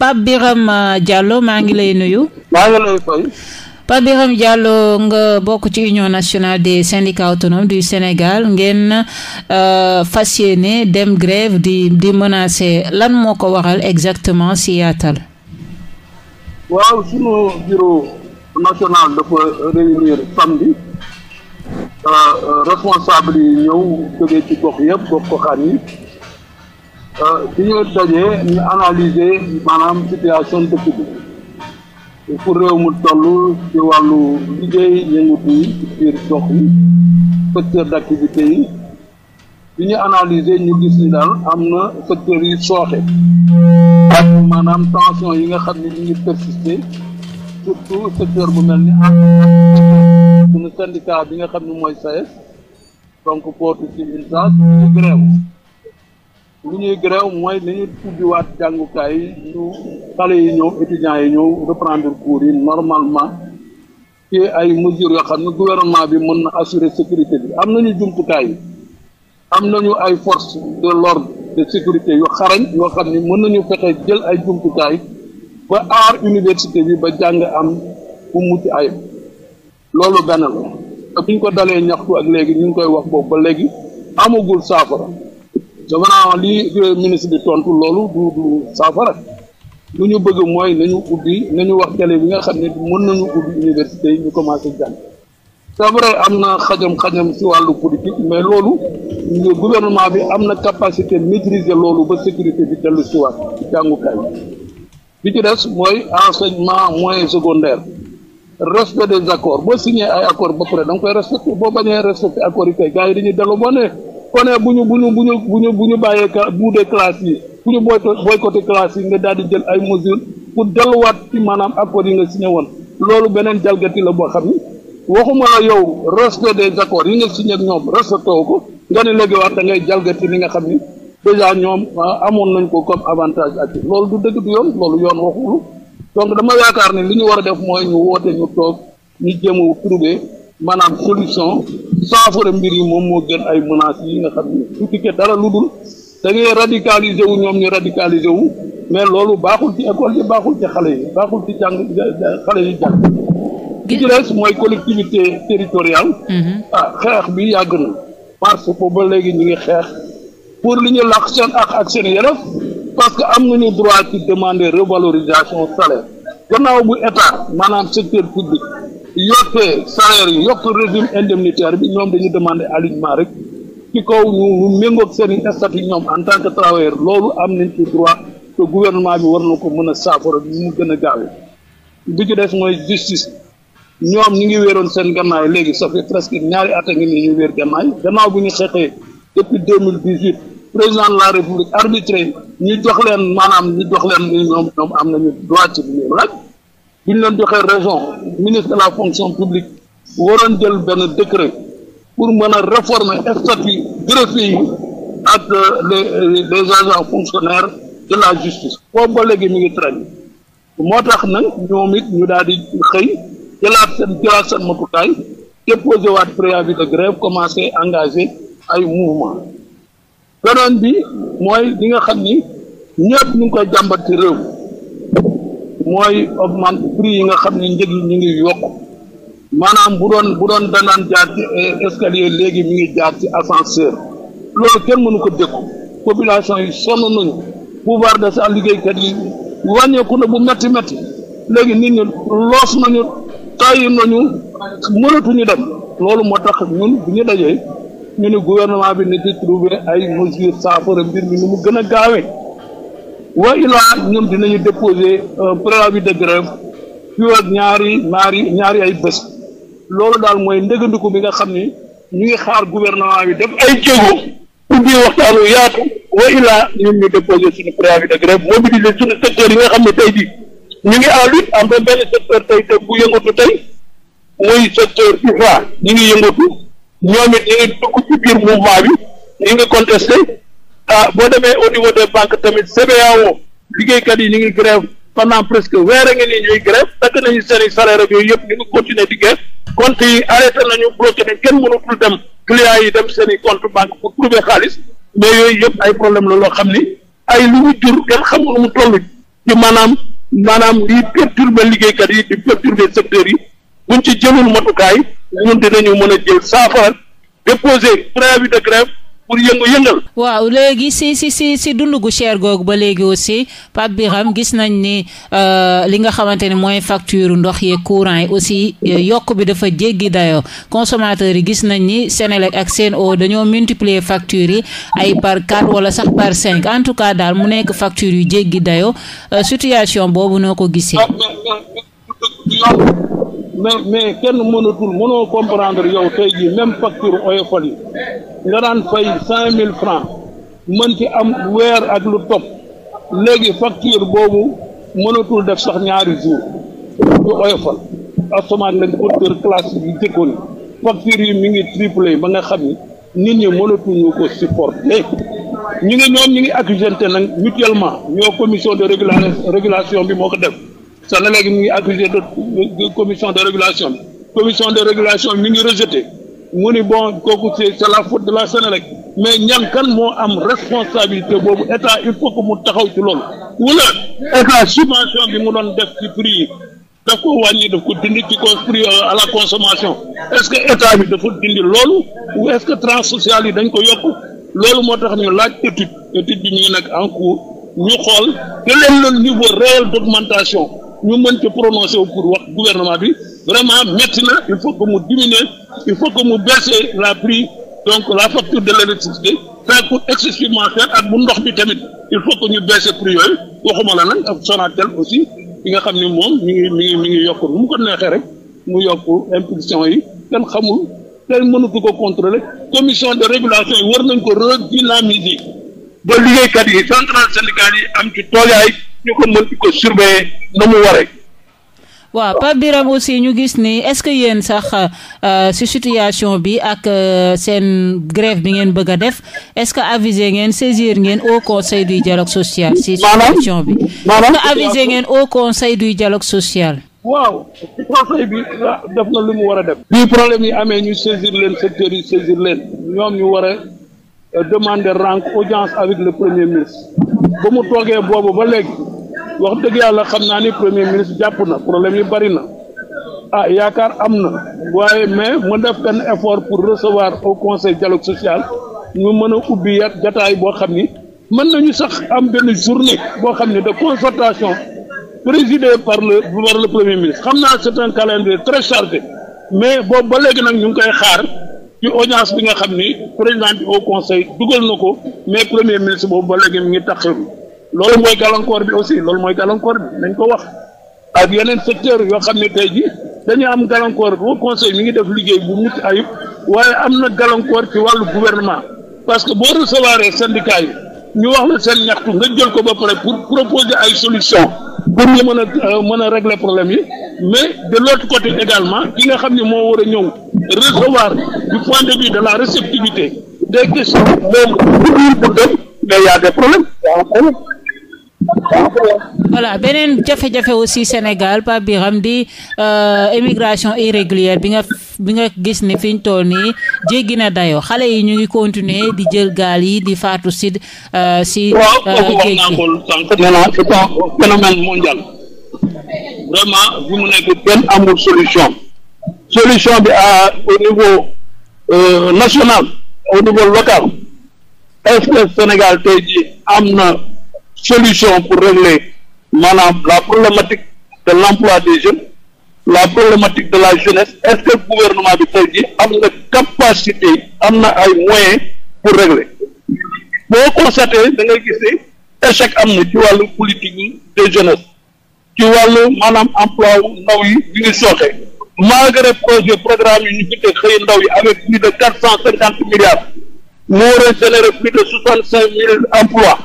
Pape Birame euh, Diallo maa ngi lay nuyu. maa ngi lay fay. Pape Birame Diallo nga bokk ci union nationale des syndicats autonomes du Sénégal ngeen euh, fas dem grève di di menacer lan moo ko waxal exactement si yaatal. waaw sunu bureau national dafa réunir samedi euh, responsable yi ñëw jógee ci gox yëpp gox goxaan yi. Euh, bi ñu dajee ñu analyser maanaam situation dëkk bi pour réew mu toll ci wàllu liggéey yëngatu yi ci biir gox yi secteur d' activité yi bi ñu analyser ñu gis ni daal am na secteur yu sooxe ak maanaam tension yi nga xam ne ñu ngi persister surtout secteur bu mel ni ak suñu syndicat bi nga xam ne mooy SAES e donc porte ci une grève bu ñuy grève mooy nañu ubbiwaat jàngukaay yi ñu xale yi ñëw étudiants yi ñëw reprendre cours yi normalement ci ay mesures yoo xam ne gouvernement bi mën na assurer sécurité bi am nañu jumtukaay yi am nañu ay force de l'ordre de sécurité yu xarañ yoo xam ni mën nañu fexe jël ay jumtukaay ba aar université bi ba jàng am bu mucc ayib loolu benn la te bu ñu ko dalee ñaxtu ak léegi ñu ngi koy wax boobu ba léegi amagul saafara dafa naa li ministre bi tontu loolu du du saafara lu ñu bëgg mooy nañu ubbi nañu wax télé bi nga xam ne mën nañu ubbi université yi ñu commencé jàng c'est vrai am na xajam-xajam si wàllu politique mais loolu gouvernement bi am na capacité maîtriser loolu ba sécurité bi dellu si waat jàngukaay bi ci des mooy enseignement moyen secondaire respect des accords boo signé ay accord ba pare da nga koy respecté boo bañee respecté accords yi kay gars yi dañuy dellu boo kon bu ñu bu ñu bu ñu bu ñu bu ñu bàyyee bu dee classe yi bu ñu boycotté classe yi nga daal di jël ay mesures pour delluwaat ci maanaam accords yi nga signé woon loolu beneen jalgati la boo xam ni waxuma la yow respect des accords yi nga si ak ñoom respecté wu ko nga ne léegi wax ngay jalgati li nga xam ni déjà ñoom ah, amoon nañ ko comme avantage ak loolu du dëgg du yoon loolu yoon waxulu donc dama yaakaar ne li ñu war a def mooy ñu woote ñu toog ñu jéem a trouver maanaam solution. saafara mbir yi moom moo gën ay menaces yi nga xam ne tuuti dara lu dul da ngay radicaliser wu ñoom ñu radicaliser wu mais loolu baaxul ci école yi baaxul ci xale yi baaxul ci jàng xale yi jàng. li ci mooy collectivité territoriale. Mm-hmm. ah xeex bi yàgg na. parce que léegi ñu ngi xeex pour li ñu làq seen ak ak seen yelef parce que am na nañu droit ci demander revalorisation salaire gannaaw bu état maanaam secteur public. yokkee salaire yi yokk régime indemnitaire bi ñoom dañu demander alignement rek ci kaw ñu ñu méngoog seen i yi ñoom en tant que travailleur loolu am nañ ci droit te gouvernement bi war na ko mën a saafara bi mu gën a gaawee bi ci def mooy justice ñoom ñu ngi weeroon seen gannaay léegi ça fait presque ñaari at a ngi nii ñu wéer gannaay gannaaw bu ñu xeexee depuis deux mille dix huit président de la république arbitré ñu jox leen maanaam ñu jox leen ñoom ñoom am nañu droit bi ñu bu ñu leen joxee raison ministre de la fonction publique waroon jël benn décret pour mën a réformer statut greffier yi ak euh, les euh, les agents fonctionnaires de la justice boobu ba léegi mi ngi traîner moo tax nag ñoom it ñu daal di xëy jëlaat seen jëlaat seen matukaay déposé waat préavis de grève commencé engagé ay mouvement beneen bi mooy li nga xam ni ñëpp ñu ngi koy jàmbat ci réew mooy man prix yi nga xam ne njëg yi ñu ngi yokk maanaam bu doon bu doon danaan jaar ci eh, escalier léegi mu ngi jaar ci ascenseur loolu kenn mënu ko dékku population yi sonn nañu pouvoir a liggéeykat yi wàññeeku na bu metti metti léegi nit ñi loos nañu tàyyi nañu mënatuñu dem loolu moo tax ñun bu ñu dajee ñu ne gouvernement bi ne ci trouver ay mesures saafara mbir mi ni mu gën a gaawee wa illaa ñun dinañu déposer un préavis de grève fii ak ñaari ñaari ñaari ay bés loolu daal mooy ndëgëndiku bi nga xam ni ñu ngi xaar gouvernement bi def ay jéego ubbi waxtaanu yaatu wa illaa ñun ñu déposer suñu préavis de grève mobiliser suñu secteur yi nga xam ne tey jii ñu ngi en lutte am na benn secteur tey te bu yëngatu tey muy secteur IFA ñu ngi yëngatu ñoom it ñu ngi dugg ci biir mouvement bi ñu ngi contesté. ah boo demee au niveau des banques tamit CBAO liggéeykat yi ñu ngi grève pendant presque weer a ngi nii ñuy grève takk nañu seen i salaire yooyu yëpp ñu ngi continuer di grève compte yi arrêté nañu bloqué ne kenn mënatul dem clients yi dem seen i compte banque pour trouver xaalis mais yooyu yëpp ay problème la loo xam ni ay lu mu jur kenn xamul mu toll ci maanaam maanaam di perturber liggéeykat yi di perturber secteurs yi buñ ci jëlul matukaay ñun dinañu mën a jël saafara déposer préavis de pour yëngal waaw léegi si si si si dund gu cher googu ba léegi aussi Pape Birame gis nañ ni li nga xamante ne mooy facture ndox yee courant yi aussi yokk bi dafa jéggi dayoo consommateurs yi gis nañ ni Senelec ak Sen'Eau dañoo multiplier facture yi ay par 4 wala sax par cinq en tout cas daal mu nekk facture yu jéggi dayoo situation boobu noo ko gisee. mais mais kenn mënatul mënoo comprendre yow tey jii même facture oyofal yi nga daan fay cinq mille francs mën ci am weer ak lu topp léegi facture boobu mënatul def sax ñaari jour yu oyofal asamaan lañ ko tër classe yi jëkkoon facture yi mi ngi triplé ba nga xam ni nit ñi mënatuñu ko supporter ñu ngi ñoom ñu ngi accusante nag mutuellement ñoo commission de régulation bi moo ko def sax na léegi mu ngi accusé de commission de régulation bi commission de régulation bi ngi rejeté mu ni bon kooku c'est c'est la faute de la Sénélec mais ñan kan moo am responsabilité boobu état il faut que mu taxaw ci loolu wala état subvention bi mu doon def ci prix yi daf ko wàññi daf ko dindi ci prix euh, à la consommation est-ce que état bi dafa dindi loolu ou est-ce que tranche sociale yi dañ ko yokk loolu moo tax ñu laaj étude étude bi ñu ngi en cours ñu xool te leen le niveau réel d'augmentation ñu mën ci prononcé wu pour wax gouvernement bi vraiment métti na il faut que mu diminuer il faut que mu baisser la prix donc la facture de l' électricité ça coûte excessivement cher ak bu ndox bi tamit il faut que ñu baisser prix yooyu waxuma la nag ak Sonatel aussi bi nga xam ne moom mi ngi mi ngi mi ngi yokk mu ko neexee rek mu yokk impulsion yi kenn xamul kenn mënatu ko contrôler commission de régulation yi war nañ ko redynamiser ba liggéeykat yi centrale syndicale yi am ci tooyaay ñu ko mën di ko surveiller na waree. waaw Pape Birame aussi ñu gis ni est-ce que yéen sax euh, si situation bi ak euh, seen grève bi ngeen bëgg a def est-ce que aviser ngeen saisir ngeen au conseil du dialogue social. ci situation bi maanaam est-ce que aviser ngeen au conseil du dialogue social. waaw conseil bi def na lu mu war a def. bii problème yi amee ñu saisir leen secteurs yi saisir leen ñoom ñu war et demander rencontre audience avec le premier ministre ba mu toogee boobu ba léegi wax dëgg yàlla xam naa ni premier ministre jàpp na problème yi bari na ah yaakaar am na waaye mais mu def benn effort pour recevoir au conseil dialogue social ñu mën a ubbi yat jataay boo xam ni mën nañu sax am benn journée boo xam ni de concertation présidée par le par le premier ministre xam naa c'est un très chargé mais boobu ba léegi nag ñu ngi koy xaar. ci audience bi nga xam ni président bi au conseil dugal na ko mais premier ministre boobu ba léegi mi ngi taxawu loolu mooy gàllankoor bi aussi loolu mooy gàllankoor bi nañ ko wax ak yeneen secteur yoo xam ne tey ji dañu am gàllankoor au conseil mi ngi def liggéey bu mucc ayib waaye am na gàllankoor ci wàllu gouvernement parce que boo recevoir syndicat yi ñu wax la seen ñaxtu nga jël ko ba pare pour proposer ay solution pour ñu mën a euh, mën a régler problème yi mais de l'autre côté également ki nga xam ne moo war a ñëw recevoir de vue de bu dul mais y problème. voilà beneen jafe-jafe aussi Sénégal Pape Birame di euh, émigration irrégulière bi nga bi nga gis ni fi ñu toll ni jéggi na dayoo xale yi ñu ngi continuer di jël gaal yi di faatu euh, si si euh, géej mondial solution bi à au niveau euh, national au niveau local est Sénégal tey jii am na solution pour régler maanaam la problématique de l'emploi des jeunes la problématique de la jeunesse est-ce que gouvernement bi tey jii am na capacité am na ay moyens pour régler boo constaté da nga gis échec am na ci wàllu politique de jeunesse ci wàllu maanaam emploi wu ndaw yi ñu ngi malgré projet programme yi ñu tuddee xëy ndaw yi avec plus de quatre cent cinquante milliards moo war a générer plus soixante cinq mille emplois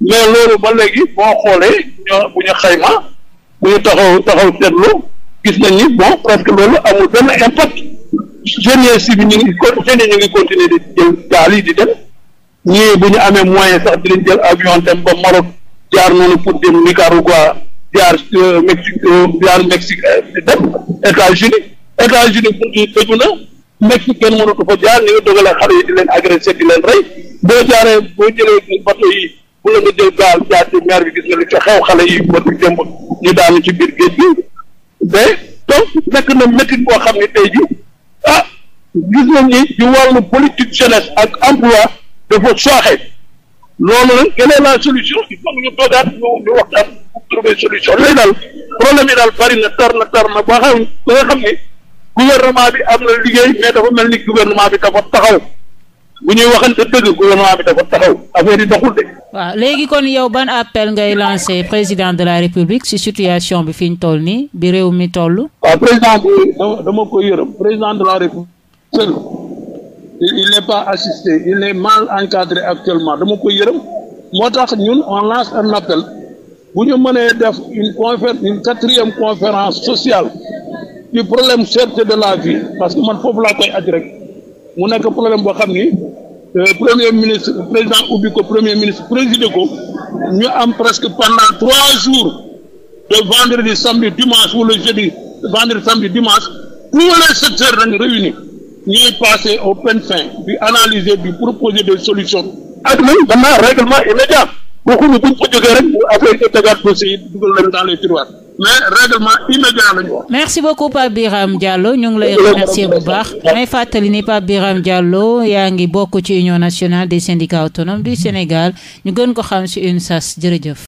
mais loolu ba léegi boo xoolee ñoo xayma bu ñu taxaw taxaw seetlu gis nañ ni bon presque loolu amul benn impact jeunes si bi ñu ngi jeunes yi ñu ngi continuer di jël gaal yi di dem ñii bu ñu amee moyen sax di leen jël avion dem ba Maroc jaar noonu pour dem Nicaragua Euh, euh, jaar Mexique jaar euh, Mexique dem États-Unis États-Unis buntu yi tëju na Mexique kenn mënatu fa jaar ni nga dogalee xale yi di leen agressé di leen rey boo jaaree boo jëlee bateau yi bu la nga jël gaal jaar ci mer bi gis nga li ca xew xale yi ba du jëmb ñu daanu ci biir géej gi mais donc nekk na métit boo xam ne tey ji ah gis nañ ni ci wàllu politique jeunesse ak emploi dafa sooxe loolu nag quelle est la solution il faut ñu toogaat ñu ñu waxtaan trouver solution lay daal problème yi daal bari na tar na tar na ba xam ba gouvernement bi am na liggéey mais dafa mel ni gouvernement bi dafa taxaw bu ñuy waxante dëgg gouvernement bi dafa taxaw affaire yi doxul de. waaw léegi kon yow ban appel ngay lancé président de la république si situation bi fi ñu toll nii bi réew mi toll. waaw président dama ko yërëm président de la république seul il n'est pas assisté il est mal encadré actuellement dama ko yërëm moo tax ñun on lance bu ñu mënee def une confé une quatrième conférence sociale du problème cherté de la vie parce que man foofu laa koy aj rek mu nekk problème boo xam ni euh, premier ministre président ubbi ko premier ministre présidé ko ñu am presque pendant trois jours de vendredi samedi dimanche wala jeudi vendredi samedi dimanche tous les secteurs dañu réunis ñuy passer au peine fin di analyser di proposer des solutions. ak man règlement immédiat. waxuñu buñ ko jógee rek affaire yi la merci beaucoup Pape Birame Diallo ñu ngi lay remercier bu baax may fàttali ni Pape Birame Diallo yaa ngi bokk ci union nationale des syndicats autonomes du Sénégal ñu gën ko xam ci UNSAS jërëjëf.